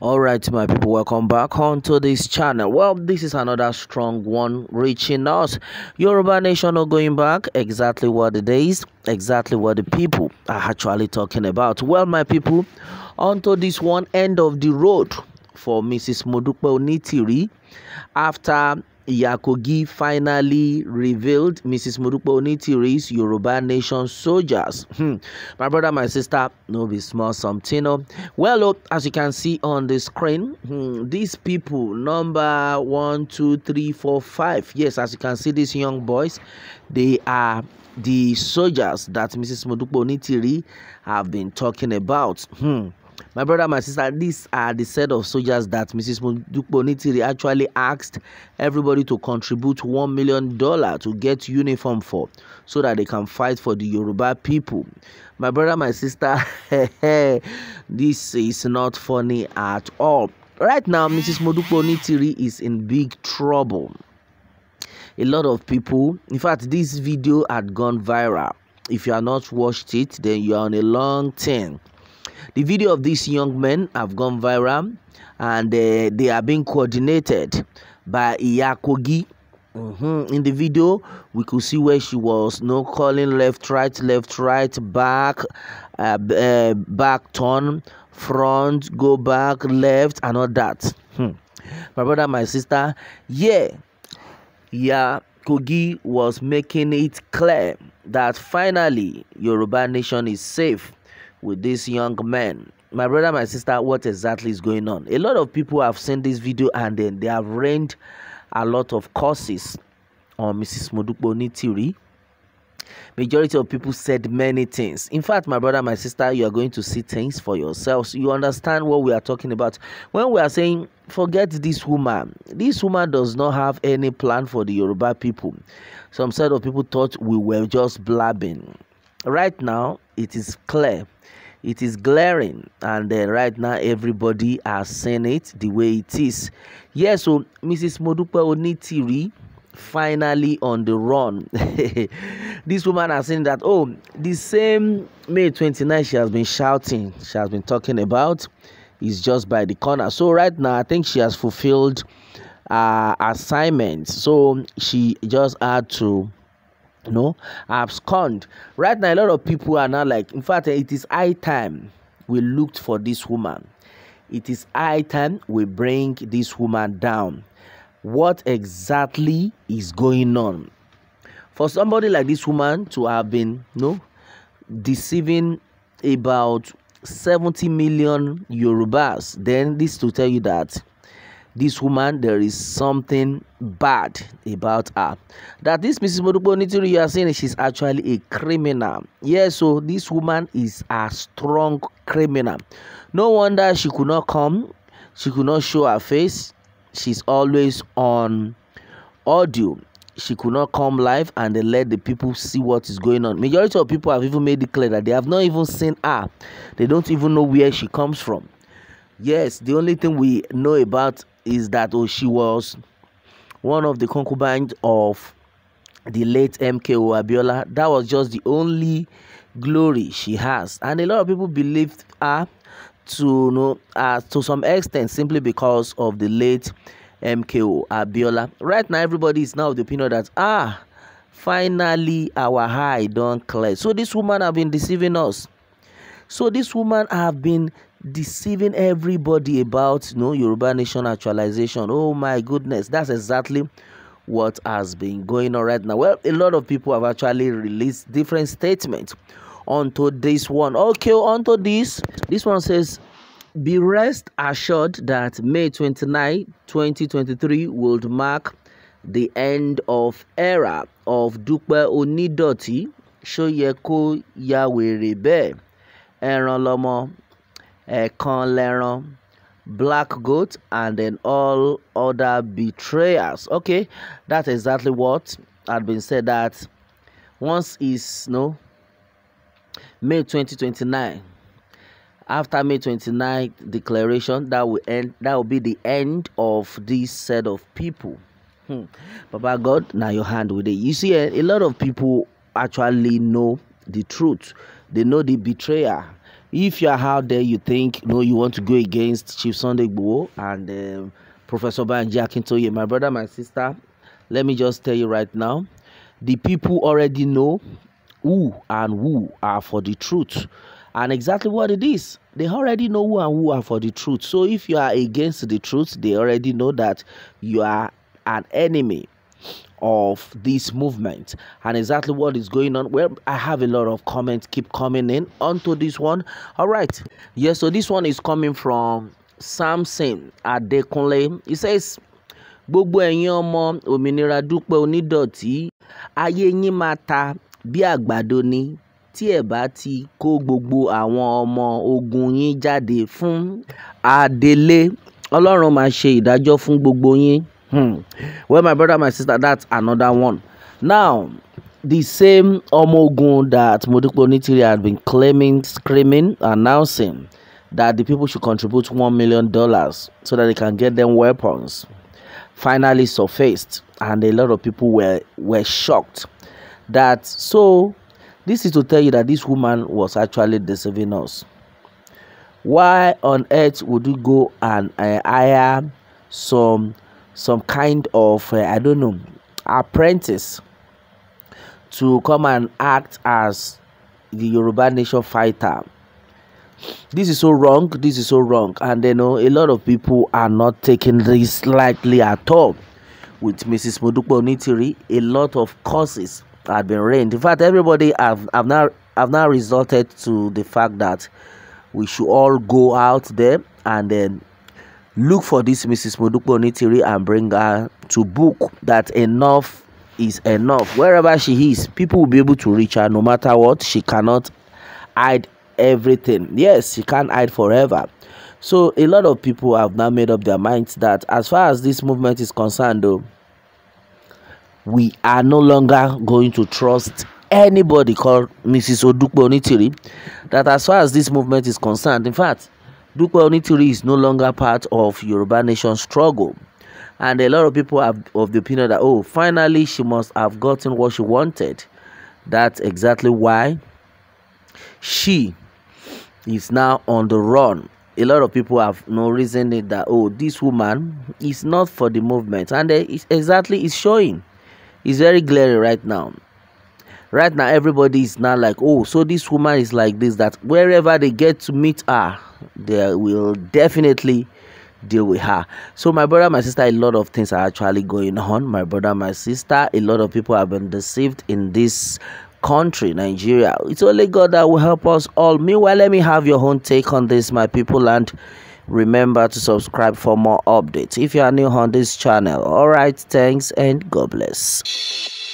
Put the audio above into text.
all right my people welcome back onto this channel well this is another strong one reaching us yoruba nation are going back exactly what it is exactly what the people are actually talking about well my people onto this one end of the road for mrs modupe onitiri after Ìyá Kogi finally revealed Mrs. Modupe Onitiri's Yoruba Nation soldiers. Hmm. My brother, my sister, no be small something. Oh, Well, look, oh, as you can see on the screen, hmm, these people, number one, two, three, four, five. Yes, as you can see, these young boys, they are the soldiers that Mrs. Modupe Onitiri have been talking about. Hmm. My brother, my sister, these are the set of soldiers that Mrs. Mudukbonitiri actually asked everybody to contribute $1 million to get uniform for so that they can fight for the Yoruba people. My brother, my sister, this is not funny at all. Right now, Mrs. Mudukbonitiri is in big trouble. A lot of people, in fact, this video had gone viral. If you are not watched it, then you are on a long thing. The video of these young men have gone viral and uh, they are being coordinated by Iyakogi. Mm -hmm. In the video, we could see where she was no calling left, right, left, right, back, uh, uh, back, turn, front, go back, left, and all that. Hmm. My brother, my sister, yeah, yeah, Kogi was making it clear that finally Yoruba nation is safe with this young man my brother my sister what exactly is going on a lot of people have seen this video and then they have rained a lot of curses on mrs modupo nitiri majority of people said many things in fact my brother my sister you are going to see things for yourselves you understand what we are talking about when we are saying forget this woman this woman does not have any plan for the yoruba people some set of people thought we were just blabbing right now it is clear it is glaring and uh, right now everybody has seen it the way it is yes yeah, so mrs modupe onitiri finally on the run this woman has seen that oh the same may 29 she has been shouting she has been talking about is just by the corner so right now i think she has fulfilled uh assignment so she just had to you know abscond right now a lot of people are now like in fact it is high time we looked for this woman it is high time we bring this woman down what exactly is going on for somebody like this woman to have been you know deceiving about 70 million Yorubas, then this to tell you that this woman there is something bad about her that this mrs modupo nitiri you are saying she's actually a criminal yes so this woman is a strong criminal no wonder she could not come she could not show her face she's always on audio she could not come live and they let the people see what is going on majority of people have even made it clear that they have not even seen her they don't even know where she comes from Yes, the only thing we know about is that oh, she was one of the concubines of the late MKO Abiola. That was just the only glory she has. And a lot of people believed her to you know uh, to some extent simply because of the late MKO Abiola. Right now, everybody is now of the opinion that ah, finally our high don't clear. So this woman have been deceiving us. So this woman have been deceiving everybody about you know Yoruba nation actualization. Oh my goodness, that's exactly what has been going on right now. Well, a lot of people have actually released different statements onto this one. Okay, oh, onto this. This one says be rest assured that May 29, 2023 would mark the end of era of Dupe Onidoti Shoyeko Yawere Be Ẹran lọmọ Leron, Black Goat, and then all other betrayers. Okay, that's exactly what had been said that once is no May 2029. After May 29th declaration, that will end. That will be the end of this set of people. Hmm. Papa God, now your hand with it. You see, eh, a lot of people actually know the truth. They know the betrayer if you are out there, you think you no, know, you want to go against Chief Sunday Igboho and um, Professor Banji Akintoye, my brother, my sister. Let me just tell you right now, the people already know who and who are for the truth and exactly what it is they already know who and who are for the truth so if you are against the truth they already know that you are an enemy of this movement and exactly what is going on well i have a lot of comments keep coming in onto this one all right yes yeah, so this one is coming from samson adekunle he says gbogbo ẹ̀yin ọmọ òmìnira dúpẹ́ onídọ̀tí ayé yín máa ta bí àgbàdo ni tí ẹ bá ti kó gbogbo àwọn ọmọ ogun yín jáde fún adelé ọlọ́run máa ṣe ìdájọ́ fún gbogbo yín Hmm. Well, my brother, my sister, that's another one. Now, the same Omogun that Modibo Nitiri had been claiming, screaming, announcing that the people should contribute one million dollars so that they can get them weapons finally surfaced and a lot of people were were shocked that so this is to tell you that this woman was actually deceiving us why on earth would you go and uh, hire some some kind of uh, i don't know apprentice to come and act as the yoruba nation fighter this is so wrong this is so wrong and you know a lot of people are not taking this lightly at all with mrs modupo nitiri a lot of causes have been rained in fact everybody have, have now have now resulted to the fact that we should all go out there and then Look for this Mrs. Modupe Onitiri and bring her to book that enough is enough. Wherever she is, people will be able to reach her no matter what. She cannot hide everything. Yes, she can't hide forever. So a lot of people have now made up their minds that as far as this movement is concerned, though, we are no longer going to trust anybody called Mrs. Odupe Onitiri. That as far as this movement is concerned, in fact, Drukpa Onitiri is no longer part of Yoruba nation struggle. And a lot of people are of the opinion that, oh, finally she must have gotten what she wanted. That's exactly why she is now on the run. A lot of people have no reason that, oh, this woman is not for the movement. And eh, it's exactly, it's showing. It's very glaring right now right now everybody is now like oh so this woman is like this that wherever they get to meet her they will definitely deal with her so my brother my sister a lot of things are actually going on my brother my sister a lot of people have been deceived in this country nigeria it's only god that will help us all meanwhile let me have your own take on this my people and remember to subscribe for more updates if you are new on this channel all right thanks and god bless